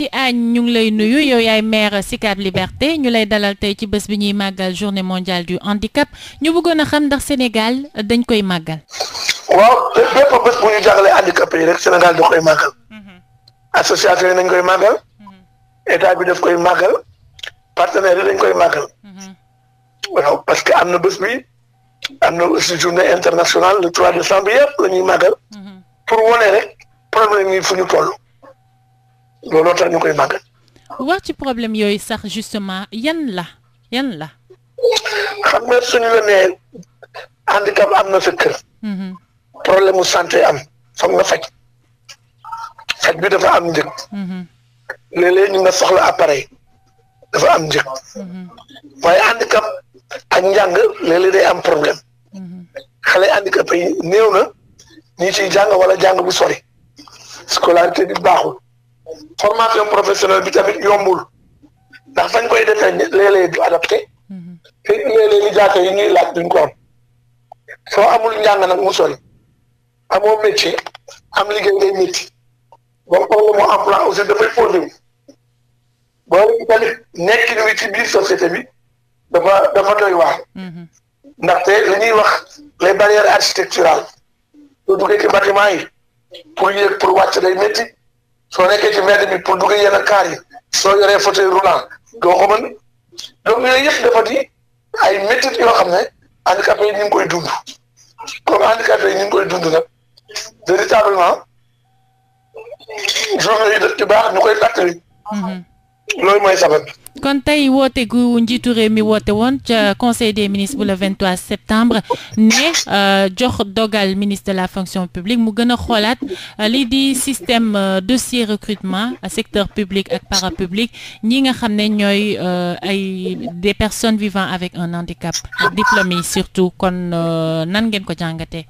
ci Agne ñu ngi lay nuyu yow yaay maire Sicap Liberté ñu lay dalal tey ci bés bi ñuy màggal journée mondiale du handicap ñu bëggoon a xam ndax Sénégal euh, dañ koy màggal. waaw bépp bés bu ñu jàngalee handicapé yi rek Sénégal da koy màggal. Mm-hmm. association yi dañ koy màggal. Mm-hmm. état bi daf koy màggal. partenaires yi dañ koy màggal. Mm-hmm. waaw parce que am na bés bi am na aussi journée internationale le 3 décembre yëpp la ñuy màggal. pour wane rek problème yi fu ñu toll. looloo tax ñu koy màggal. wax ci problème yooyu sax justement yan la yan la. xam nga suñu la nee handicap am na sa kër. Mhm. problème mu santé am foog nga faj faj bi dafa am njëg. Mhm. léeg-léeg ñu nga soxla appareil dafa am njëg mhm. waaye handicap ak njàng léeg-léeg am problème xale handicapé yi néew na ñi jàng wala jàng bu sori scolarité bi baaxul. formation professionnelle bi tamit yombul ndax fañ koy defee léeg-léeg du adapté mhm. te léeg-léeg li jaata yi ñuy laaj duñ ko am soo amul njàng nag mu sori amoo métier am liggéey ngay métti boo problème mu emploi aussi dafay posé wu boo tamit nekkin wi ci biir société bi dafa dafa doy waar mhm. ndaxte li ñuy wax les barrières architecturales soo duggee ci pour yéeg pour wàcc day métti soo nekkee ci mbedd bi pour dugg yenn kaar yi soo yoree fauteuil roulant doo ko mën donc yëpp dafa ay métit yoo xam ne handicapé yi ñu koy dund comme handicapé yi ñu ngi koy dund nag véritablement journée yi daf ci baax ñu koy fàttali mhm. loolu mooy sabab kon tey woote gu njiitu réew mi woote woon ca conseil des ministres bu le 23 septembre ne euh, jox dogal ministre de la fonction publique mu gën a xoolaat euh, lii di système euh, dossier recrutement secteur public ak parapublic ñi nga xam ne ñooy ay des personnes vivant avec un handicap ak diplômés surtout kon nan ngeen ko jàngatee.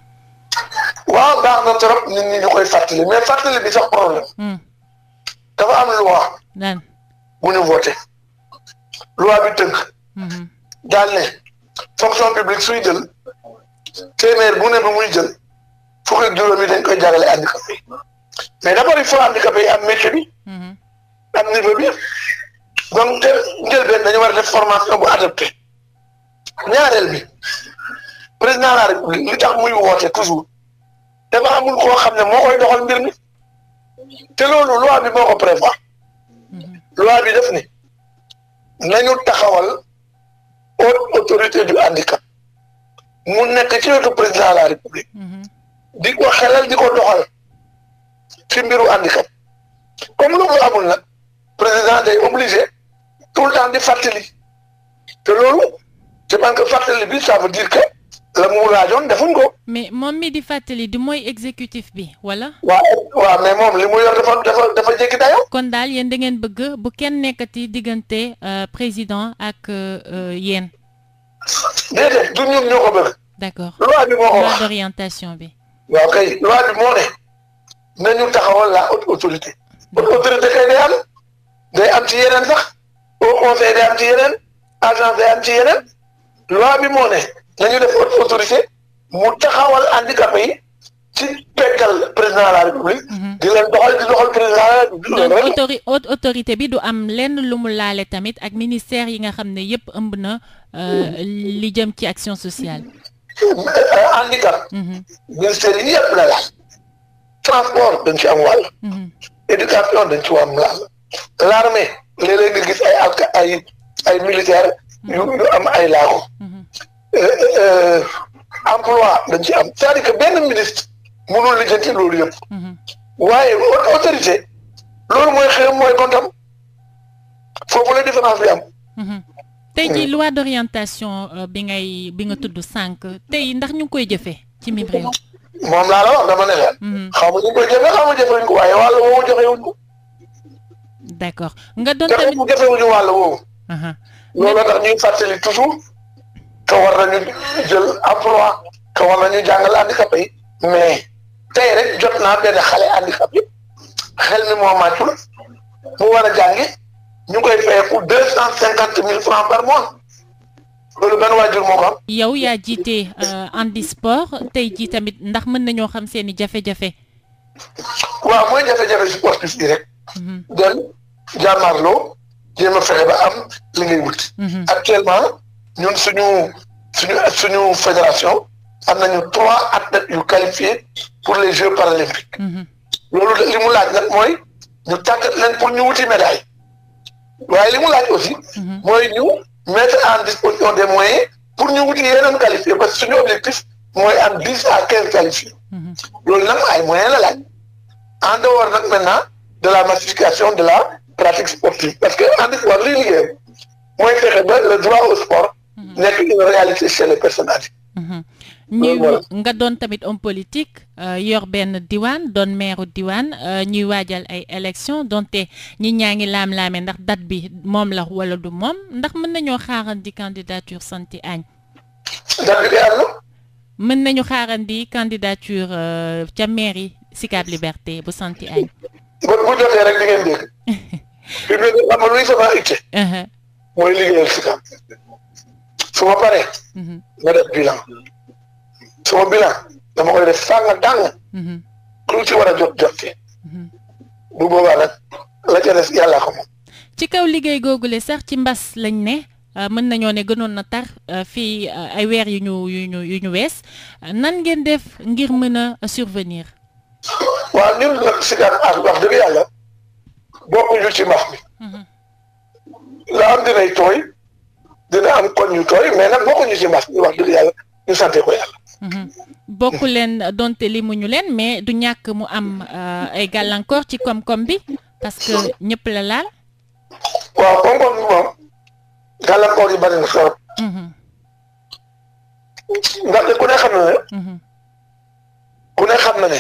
waaw baax na trop nit ñi ñu koy fàttali mais fàttali bi sax problème. Hmm. dafa am loi. bu ñu voté. loi bi tënk mhm. daal ne fonction publique suy jël téeméer bu ne muy jël fukk ak juróom dañ koy jàngale handicapé yi mais d' abord il faut handicapé yi am métier bi mhm. am niveau bi donc dañu war def formation bu adapté ñaareel bi président de la république li tax muy woote toujours dafa amul koo xam ne moo koy doxal mbir mi te loolu loi bi moo ko prévoir mhm. loi bi def ni nañu taxawal haute autorité du handicap mu nekk ci wetu président de la république mm-hmm. di ko xelal di ko doxal ci mbiru handicap comme loolu amul président day obligé tout le temps di fàttali te loolu c'est parce que fàttali bi ça veut dire que la mu laajoon defuñ ko. mais moom mi di fàttali du mooy exécutif bi wala. waaw waaw mais moom li mu yor dafa dafa dafa jéggi dayoo. kon daal yéen da ngeen bëgg bu kenn nekkati diggante euh, président ak euh, yéen. déedéet du ñun ñoo ko bëgg. d'accord loi bi moo ne. nañu taxawal la haute autorité. autorité kay day am. day am ci yeneen sax. au conseil day am ci yeneen. agence day am ci yeneen. loi bi moo ne. nañu def haute autorité mu taxawal handicapé yi ci peggal président de la république. Mhm. di leen doxal di doxal président de la république. donc autorité bi du am lenn lu mu laale tamit ak ministère yi nga xam ne yépp ëmb na euh, li jëm ci action sociale. Euh, handicap. Mhm. ministère yi yépp la laal. transport dañ ci am wàll. Mhm. éducation dañ ci am laal. l'armée léeg-léeg nga gis ay ay ay yu yu am ay laago. Euh, euh, euh, emploi dañ ci am c'est-à-dire que benn ministre mënul lijjanti loolu yëpp mhm. waaye autorité loolu mooy xëyam mooy gontam foofu la différence bi am mhm. tey jii loi d'orientation bi ngay bi nga tudd sànq tey ndax ñu koy jëfee ci mim réew moom laa la wax dama ne la mhm. koy jëfee xaw ko waaye wàll woowu joxewuñ ko d'accord nga doon tamit jëfewuñu wàll woowu loolu tax ñuy fàttali toujours que war nañu jël emploi que war nañu jàngal handicapé yi mais tey rek jot naa benn xale handicapé xel mi moo màccul mu war a jàngi ñu koy fayeku deux cent cinquante mille francs par mois loolu benn waajur moo ko am. yow yaa jiite euh, Handi Sport tey jii tamit ndax mën nañoo xam seen i jafe-jafe. waaw mooy jafe-jafe sportif yi rek. Mhm. dem jàmmaarloo jéem a fexe ba am li wut. Mhm. actuellement. ñun suñu suñu suñu fédération am nañu trois athlètes yu qualifiés pour les Jeux paralympiques. Mhm. loolu li mu laaj nag mooy ñu tàggat leen pour ñu wuti médaille waaye li mu laaj aussi. Mhm. mooy ñu mettre en disposition des moyens pour ñu wuti yeneen qualifiés parce que suñu objectif mooy am dix à quinze qualifiés. Mhm. loolu na ay moyens la laaj en dehors nag maintenant de la massification de la pratique sportive parce que en tout cas liy liggéeyam mooy fexe le droit au sport. Mhm. nekk une réalité chez les personnes âgées. Mhm. nga doon tamit homme politique euh, yor benn diwaan doon maire diwaan euh, ñuy waajal ay élection donte ñi ñaa ngi laam-laame ndax date bi moom la wala du moom ndax mën nañoo xaarandi candidature Santy Agne. date bi am na. mën nañu xaarandi candidature euh, ca mairie Sicap Liberté bu Santy Agne. bu bu jotee rek di ngeen dégg. Uh-huh. mooy liggéeyal Sicap. su ma paree. Mhm. ma def bilan. sama bilan dama koy def sànq dàng. Mhm. lu ci war a jot jot ci. Mhm. bu boobaa nag la ca des ko moom. ci kaw liggéey googule sax ci mbas lañ ne euh, mën nañoo ne gënoon na tar euh, fii euh, ay weer yu ñu yu ñu yu ñu wees nan ngeen def ngir mën a survenir. waaw ñun nag si daan ak wax dëgg yàlla bokkuñu ci mbas mi. la am dinay tooy. dina am kon ñu tooy mais nag bokkuñu ci mbas mi wax dëgg yàlla ñu sante ko yàlla. Mhm. bokk leen donte limu ñu leen mais du ñàkk mu am euh, ay gàllankoor ci koom-koom bi parce que la laal. waaw koom-koom bi moom gàllankoor yi bari na trop. Mhm. ndaxte ku ne xam na ne. Mhm. ku ne xam na ne.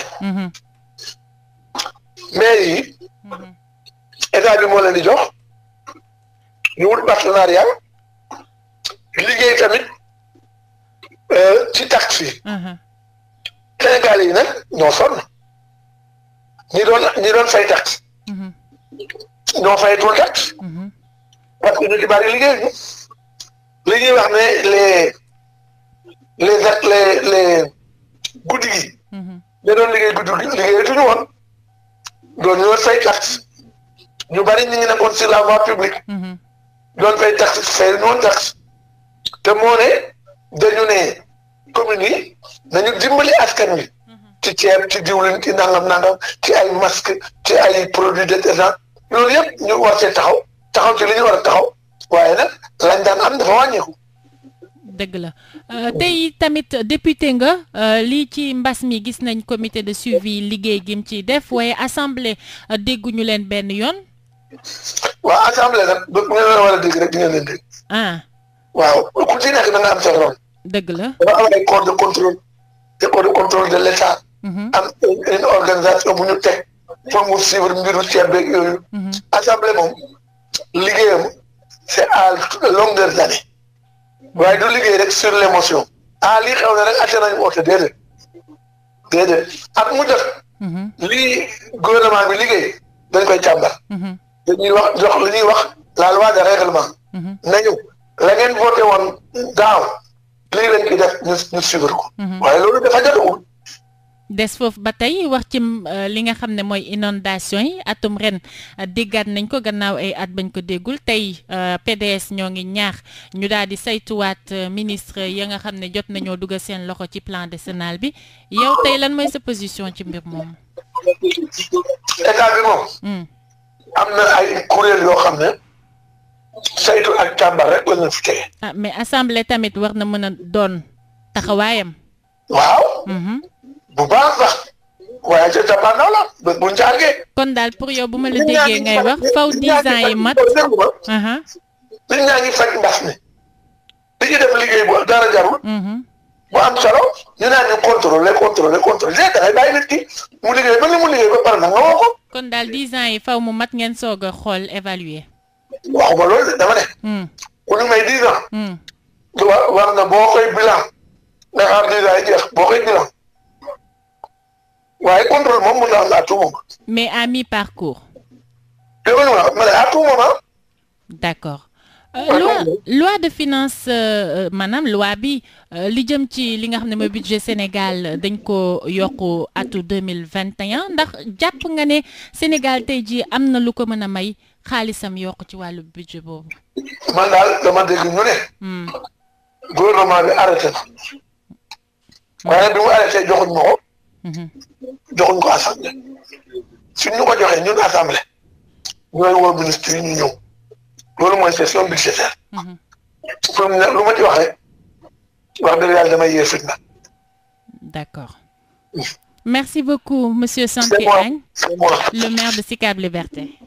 maire yi. état bi moo leen di jox. ñu wut partenariat. liggéey tamit euh, ci taxi. Mhm. Sénégal yi nag ñoo sonn ñi doon ñi doon fay tax. Mhm. ñoo fayatul tax. Mhm. parce que ñu ci bari liggéey bi li ñuy wax ne les les at les les guddi gi. ñu doon liggéey guddi gi liggéeyatuñu woon doon ñu doon fay tax ñu bari ñu ngi nekkoon sur la voie doon fay tax fay woon tax. te moo ne dañu ne commune yi nañu dimbali askan wi mhm. ci ceeb ci diwlin ci nangam nangam ci ay masque ci ay produits détergents loolu yëpp ñu war taxaw taxaw ci li ñu war a taxaw waaye nag lañ daan am dafa wàññeeku. dëgg la euh, tey tamit député nga euh, lii ci mbas mi gis nañ comité de suivi liggéey gim ci def waaye assemblée euh, dégguñu leen benn yoon. waa assemblée nag bu ngeen war a dégg rek di ngeen leen dégg. Ah. waaw ku ci nekk da nga am sa rôle. dëgg o dafa am ay corps de contrôle des corps de contrôle de l' état. Mhm. am une organisation bu ñu pour mu suivre mbiru ceeb beeg yooyu. Mhm. assemblée moom liggéeyam c' est à longueur d' année waaye du liggéey rek sur l' émotion ah lii rek atte nañu oote déedéet déedéet ak mu jot. Mhm. lii gouvernement bi liggéey dañ koy càmbar. dañuy wax jox li ñuy wax la loi de règlement. nañu. la ngeen voté woon daaw lii lañ ci ko. Mhm. waaye loolu dafa jotagul. des foofu ba tey wax ci euh, li nga xam ne mooy inondation yi atum ren euh, déggaat nañ ko gannaaw ay at bañ ko déggul tey euh, PDS ñoo ngi ñaax ñu daal di saytuwaat ministre ya nga xam ne jot nañoo dugal seen loxo ci plan décennal bi yow tey lan mooy sa position ci mbir moomu. état bi moom. Hmm. am na ay kuréel yoo xam ne. saytu ak càmbar rek la ñu fi teye. ah mais assemblée tamit war na mën a doon taxawaayam. waaw. Mhm. bu baax sax waaye ca cappaandaw la bés bu njaagee. kon daal pour yow bu ma la déggee ngay wax faw dix yi mat. nit ñaa ngi faj mbas mi. li ñu def liggéey bu dara jarul. bu mhm. da ngay bàyyi nit ki mu liggéey ba li mu liggéey ba pare na nga woo ko. kon daal dix yi faw mu mat ngeen soog a xool évaluer. waxuma loolu dama ne. Hmm. ku may dix ans. wa hmm. war na boo koy bilan nga xaar dix jeex boo koy bilan waaye contrôle moom mun na am à mais à mi parcours. dégg nga ma ma ne à tout moment. d' accord. Euh, loi de finance euh, euh, maanaam loi bi euh, li jëm ci li nga xam ne mooy budget Sénégal dañ ko yokku atu deux mille vingt ndax jàpp nga ne Sénégal tey jii am na lu ko mën a may. xaalisam yokk ci wàllu budget boobu. man daal dama dégg ñu ne. Hmm. gouvernement bi arrêté na. Hmm. waaye bi mu arrêté joxuñ ma ko. Hmm. joxuñ ko assemblée. suñ ñu ko joxee ñun assemblée. ñooy woo ministre yi ñu ñëw. loolu mooy session budgétaire. pour mu ne lu ma ci wax dëgg yàlla damay yee fitna. d'accord. Merci beaucoup, Monsieur Sanké le maire de Sicap Liberté.